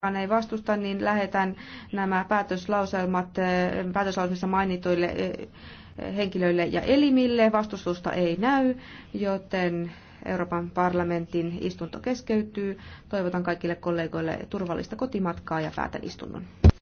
kukaan ei vastusta, niin lähetän nämä päätöslauselmat eh, päätöslauselmissa mainituille eh, henkilöille ja elimille. Vastustusta ei näy, joten Euroopan parlamentin istunto keskeytyy. Toivotan kaikille kollegoille turvallista kotimatkaa ja päätän istunnon.